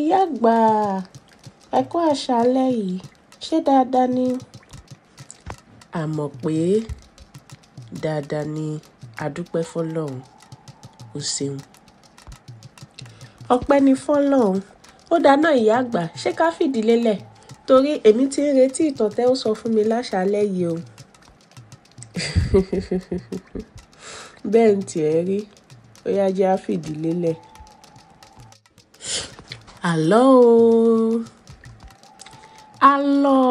ìyá àgbà ẹ kú àṣálẹ́ yìí ṣé dáadáa ni a mọ̀ pé dáadáa ni adúpẹ́ fọlọ́run o ṣeun ọpẹ́ ni fọlọ́run ó dáná ìyá àgbà ṣé ká fìdí lélẹ̀ torí èmi ti ń retí ìtàn ó sọ fún mi láṣálẹ́ yìí o bẹ́ẹ̀ ń tiẹ̀ rí ó yá jẹ́ á fìdí lélẹ̀. Àlọ́ o. Àlọ́.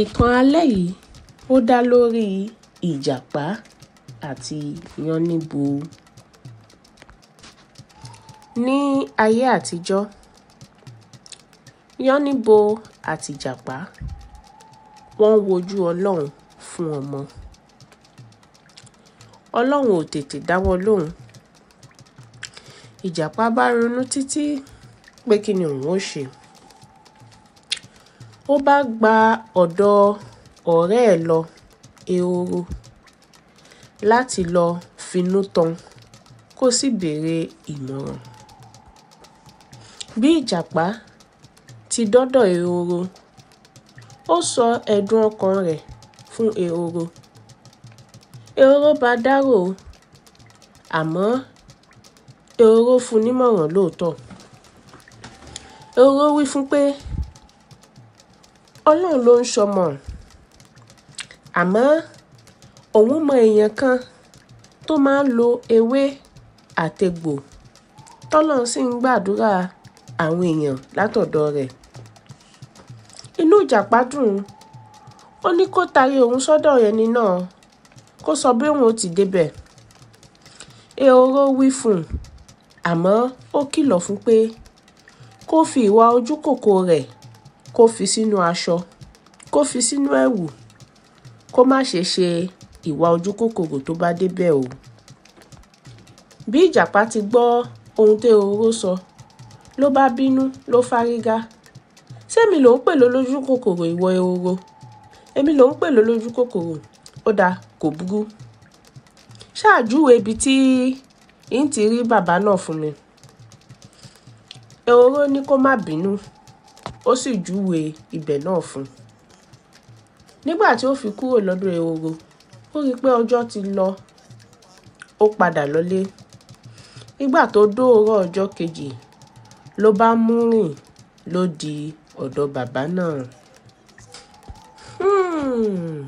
Ìtàn alẹ́ yìí ó dá lórí Ìjàpá àti Yáníbo. Ní ayé àtijọ́, Yáníbo àti Ìjàpá wọ́n wojú Ọlọ́run fún ọmọ. Ọlọ́run ò tètè dá lóhùn ìjàpá bá ronú títí pé kí ni òun ó ṣe ó bá gba ọ̀dọ̀ ọ̀rẹ́ ẹ̀ lọ ehoro láti lọ finú tán kó sì béèrè ìmọ̀ràn bí ìjàpá ti dọ́dọ̀ ehoro ó sọ ẹ̀dùn ọkàn rẹ̀ fún ehoro ehoro bá dárò àmọ́ ehoro fún un nímọ̀ràn lóòótọ́ ehoro wí fún pé ọlọ́run ló ń sọmọ àmọ́ òun mọ èèyàn kan tó máa ń lo ewé àtegbò tọ́lọ́run sì ń gbàdúrà àwọn èèyàn látọ̀dọ̀ rẹ̀ inú ìjàpá dùn ó ní kó taari òun sọ́dọ̀ ẹni náà kó sọ bí òun ó ti débẹ̀ ehoro wí fún un àmọ́ ó kìlọ̀ fún pé kó fi ìwà ojúkòkò rẹ̀ kó fi sínú aṣọ kó fi sínú ẹ̀wù kó má ṣe ṣe ìwà ojúkòkòrò tó bá débẹ̀ o. bí ìjàpá ti gbọ́ ohun tí ehoro sọ ló bá bínú ló fárígá sẹ́mi ló ń pè lólójú ìwọ ehoro èmi ló ń pè lólójú ó dáa kò burú ṣáàjúwe ibi tí ń ti rí bàbá náà fún mi ehoro ní kó má bínú ó sì júwe ibẹ̀ náà fún un nígbà tí ó fi kúrò lọ́dọ̀ ehoro ó rí i pé ọjọ́ ti lọ ó padà lọlé nígbà tó dóorọ́ ọjọ́ kejì ló bá mú rìn ló di ọ̀dọ̀ bàbá náà. Hmm.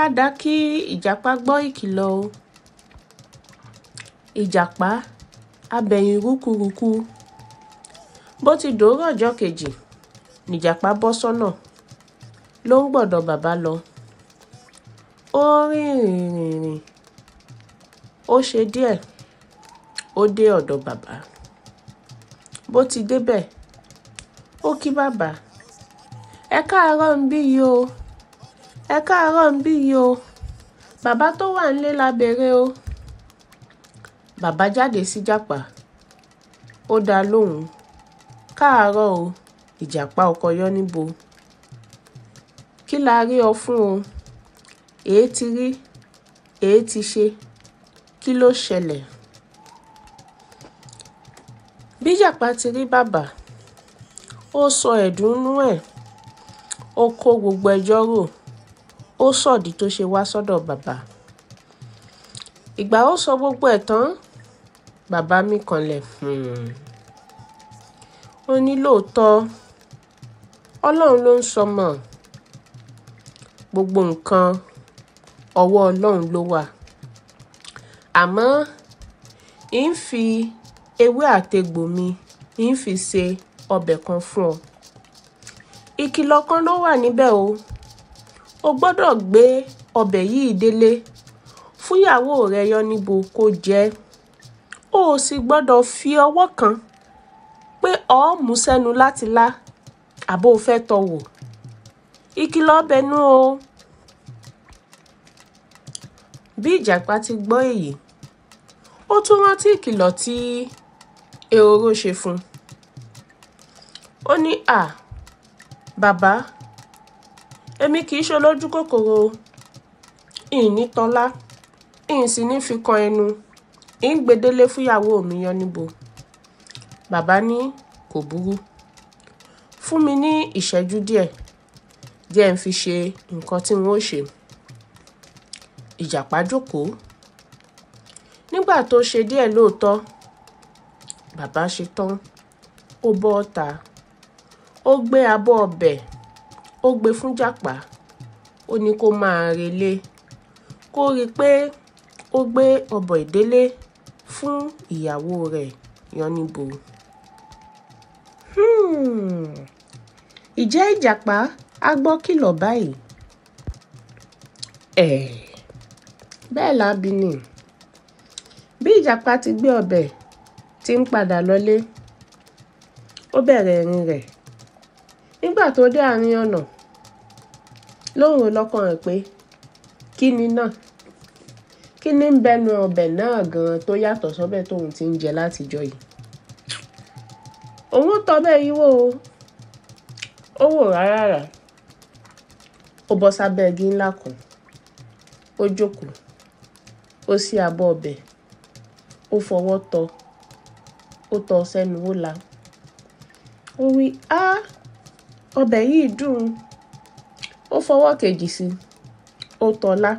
a dá kí ìjàpá gbọ́ ìkìlọ̀ o ìjàpá abẹ̀yìn rúkúrukú bó ti dòórọ̀ ọjọ́ kejì nìjàpá bọ́ sọ́nà ló ń gbọ̀dọ̀ bàbá lọ ó rìn rìn rìn rìn ó ṣe díẹ̀ ó dé ọ̀dọ̀ bàbá bó ti débẹ̀ ó kí bàbá ẹ káàárọ̀ ń bí yìí o ẹ káàárọ̀ ń bí yìí o bàbá tó wà nílé la bèrè o bàbá jáde sí jápá ó dá a lóhùn káàárọ̀ o ìjàpá ọkọ yọ níbo kí la rí ọ fún o èé ti rí èé ti ṣe kí ló ṣẹlẹ̀ bíjàpá ti rí bàbá ó sọ ẹ̀dùnnú ẹ̀ ó kó gbogbo ẹjọ́ rò ó sọ̀dí tó ṣe wá sọ́dọ̀ bàbá ìgbà ó sọ gbogbo ẹ̀ tán bàbá mi kanlẹ̀ um ó ní lóòótọ́ ọlọ́run ló ń sọmọ gbogbo nǹkan ọwọ́ ọlọ́run ló wà àmọ́ ń fi ewé àtegbò mi ń fi ṣe ọbẹ̀ kan fún ọ ìkìlọ̀ kan ló wà níbẹ̀ o o gbọ́dọ̀ gbé ọbẹ̀ yìí délé fúyàwó rẹ yọ níbo kó jẹ́ o sì gbọ́dọ̀ fi ọwọ́ kàn pé ó mú sẹ́nu láti lá àbó o fẹ́ tọ́ wò ìkìlọ̀ bẹnu o bí ìjàpá ti gbọ́ èyí ó tún rántí ìkìlọ̀ tí ehoro ṣe fún un ó ní à bàbá èmi kì í ṣe olójú kòkòrò ìní tọ́lá ìyìn sì ní fi kan ẹnu ń gbé délé fúyàwó mi yan níbo bàbá ní kò burú fún mi ní ìṣẹ́jú díẹ̀ jẹ́ ń fi ṣe nǹkan tí wọ́n ṣe ìjàpá jókòó nígbà tó ṣe díẹ̀ lóòótọ́ bàbá ṣe tán ó bọ́ ọ̀tá ó gbé abọ́ ọbẹ̀ ó gbé fún jàpá ó ní kó máa relé kó rí i pé ó gbé ọbọ̀ ìdélé fún ìyàwó rẹ̀ Yáníbo. ìjẹ́ hmm. ìjàpá á gbọ́ kìlọ̀ báyìí. ẹ̀ bẹ́ẹ̀ lábí ni bí ìjàpá ti gbé ọbẹ̀ tí ń padà lọlé ó bẹ̀rẹ̀ ìrìn rẹ̀ nígbà tó dé àárín ọ̀nà lóhùn lọ́kàn rẹ̀ pé kí ni náà kí ni ń bẹnu ọbẹ̀ náà gan-an tó yàtọ̀ sọ́bẹ̀ tóun ti ń jẹ látijọ́ yìí òun tọ́bẹ̀ yìí wò ó wò rárá rà ó bọ́ sábẹ́ igi ńlá kan ó jókòó ó ṣí abọ́ ọbẹ̀ ó fọwọ́ tọ́ ó tọ́ sẹ́nu ó la ó wí á ọbẹ̀ yìí dùn ó fọwọ́ kejì sí ó tọ́ lá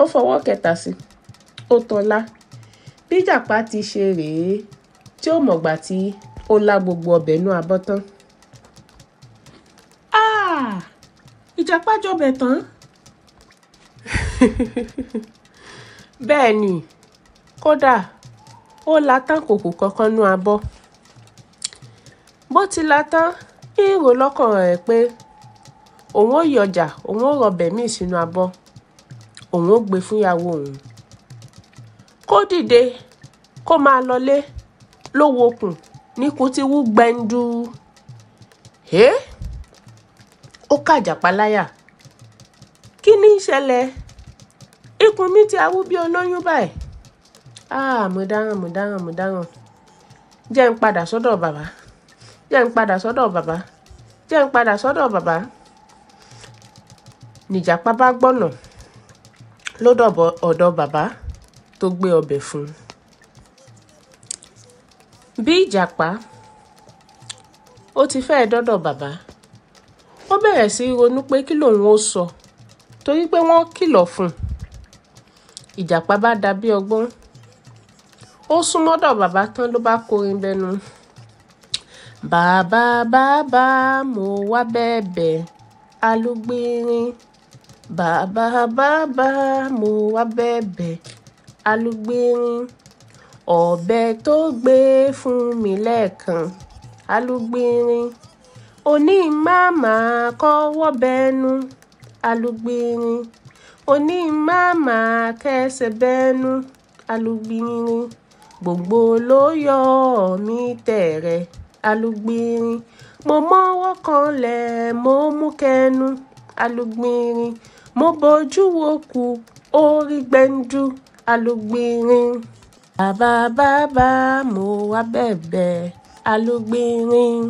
ó fọwọ́ kẹta sí ó tanlá bí jàpá ti ṣe rèé tí ó mọ̀gbà tí ó lá gbogbo ọbẹ̀ inú abọ́ tán. Ah! ìjàpá jọbẹ̀ tán. bẹ́ẹ̀ ni kódà ó la tán kòkò kankan nú abọ́ bó ti la tán ń rò lọ́kàn rẹ̀ pé òun ò yọjà òun ò rọbẹ̀ míì sínú abọ́ òun ó gbé fúnyàwó òun kó dìde kó máa lọlé ló wokùn níkù tí wú gbẹ̀ǹdù ẹ́ ó kàjàpá láyà kí ni ìṣẹ̀lẹ̀ ikùn mi ti awú bí olóyún báyìí ah mo dáràn mo dáràn mo dáràn jẹ́ ń padà sọ́dọ̀ bàbá jẹ́ ń padà sọ́dọ̀ bàbá jẹ́ ń padà sọ́dọ̀ bàbá nìjàpá bá gbọ́nà ló dọ̀bọ̀ ọ̀dọ̀ bàbá tó gbé ọbẹ̀ fún un. bí ìjàpá ó ti fẹ́ẹ́ dọ́dọ̀ bàbá ó bẹ̀rẹ̀ sí í ronú pé kí lòun ó sọ torí pé wọ́n kìlọ̀ fún un ìjàpá bá da bí ọgbọ́n ó sún mọ́dọ̀ bàbá tán ló bá kọrin bẹnu bàbá bàbá mo wá bẹ̀bẹ̀ alúgbìnrin bàbá bàbá mo wá bẹ̀bẹ̀ alúgbìnrin ọ̀bẹ tó gbé fún mi lẹ́ẹ̀kan alúgbìnrin òní màmá kọ́wọ́ bẹ́nu alúgbìnrin òní màmá kẹsẹ̀ bẹ́nu alúgbìnrin gbogbo ló yọ mí tẹ̀rẹ̀ alúgbìnrin mo mọ́wọ́ kanlẹ̀ mo mú kẹnu alúgbìnrin mo bojú wo kù orí gbẹ̀ǹdu alúgbìnrin. bàbá bàbá mo wá bẹ̀bẹ̀ alúgbìnrin.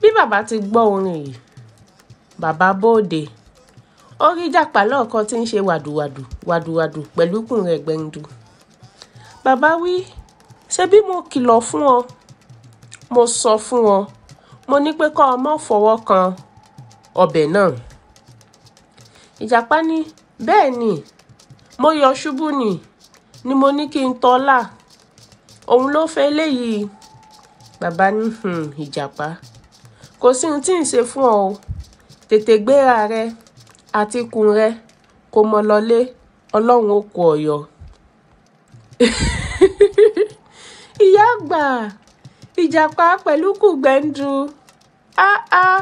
bí bàbá ti gbọ́ orin yìí bàbá bóde ó rí jàpá lọ́ọ̀kan tí ń ṣe wàdùwàdù wàdùwàdù pẹ̀lú ikùn rẹ̀ gbẹ̀ǹdu. bàbá wí ṣebí mo kìlọ̀ fún ọ mo sọ fún ọ mo ní pé kó o má fọwọ́ kan ọbẹ̀ náà ìjàpá ní bẹ́ẹ̀ ni mo yọ̀ ṣubú ni ni mo ní kí n tọ́lá òun ló fẹ́ eléyìí bàbá ní hmm, ìjàpá kò sí ohun tí ń ṣe fún ọ o tètè gbéra rẹ àtikùn rẹ kò mọ lọlé ọlọ́run ó kó ọ ìyá àgbà ìjàpá pẹ̀lú kùgbẹ́ndu Ah, ah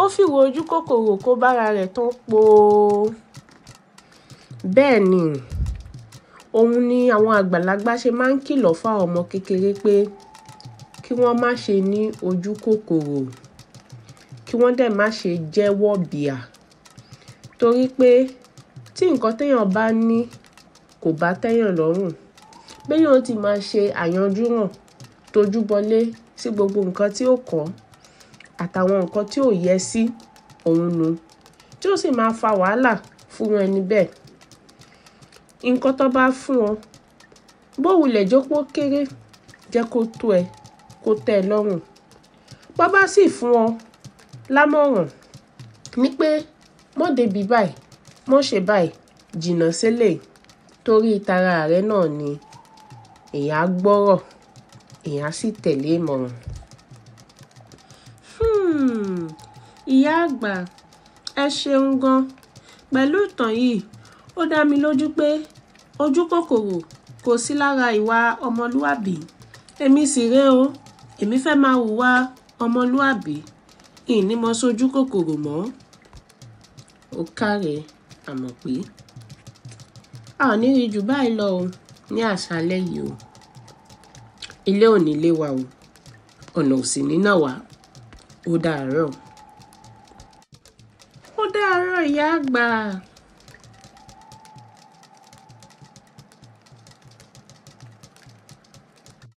ó fìwà ojúkòkòrò kó bára rẹ̀ tán póò bẹ́ẹ̀ ni òun ni àwọn àgbàlagbà ṣe máa ń kìlọ̀ fáwọn ọmọ kékeré pé kí wọ́n má ṣe ní ojúkòkòrò kí wọ́n dẹ̀ má ṣe jẹ́wọ́ bìà torí pé tí nǹkan téèyàn bá ní kò bá tẹ́yàn lọ́rùn béèyàn ti máa ṣe àyanjúràn tójúbọlé sí gbogbo nǹkan tí ó kàn àtàwọn nǹkan tí ò yẹ sí òun nu tí ó sì máa fa wàhálà fún ẹni bẹ́ẹ̀ nǹkan tó bá fún ọ bóun lè jókòó kéré jẹ́ kó tó ẹ kó tẹ́ ẹ lọ́rùn bó bá sì fún ọ lámọ̀ràn ni pé mọ́ débi báyìí mọ́ ṣe báyìí jìnnà sílẹ̀ torí tara rẹ náà ni èèyàn á gbọ́rọ̀ èèyàn á sì tẹ̀lé ìmọ̀ràn. ìyá àgbà ẹ ṣeun gan pẹ̀lú ìtàn yìí ó dá mi lójú pé ojú kòkòrò kò sí lára ìwà ọmọlúàbí èmi sì rèé o èmi fẹ́ máa hùwà ọmọlúàbí ìní mọ sójú kòkòrò mọ́ ó káre àmọ̀ pé a ò ní rí jù báyìí lọ o ní àṣálẹ́ yìí o ilé ò ní lé wa o ọ̀nà ò sì ní nà wá ó dàárọ̀. Iya, bang.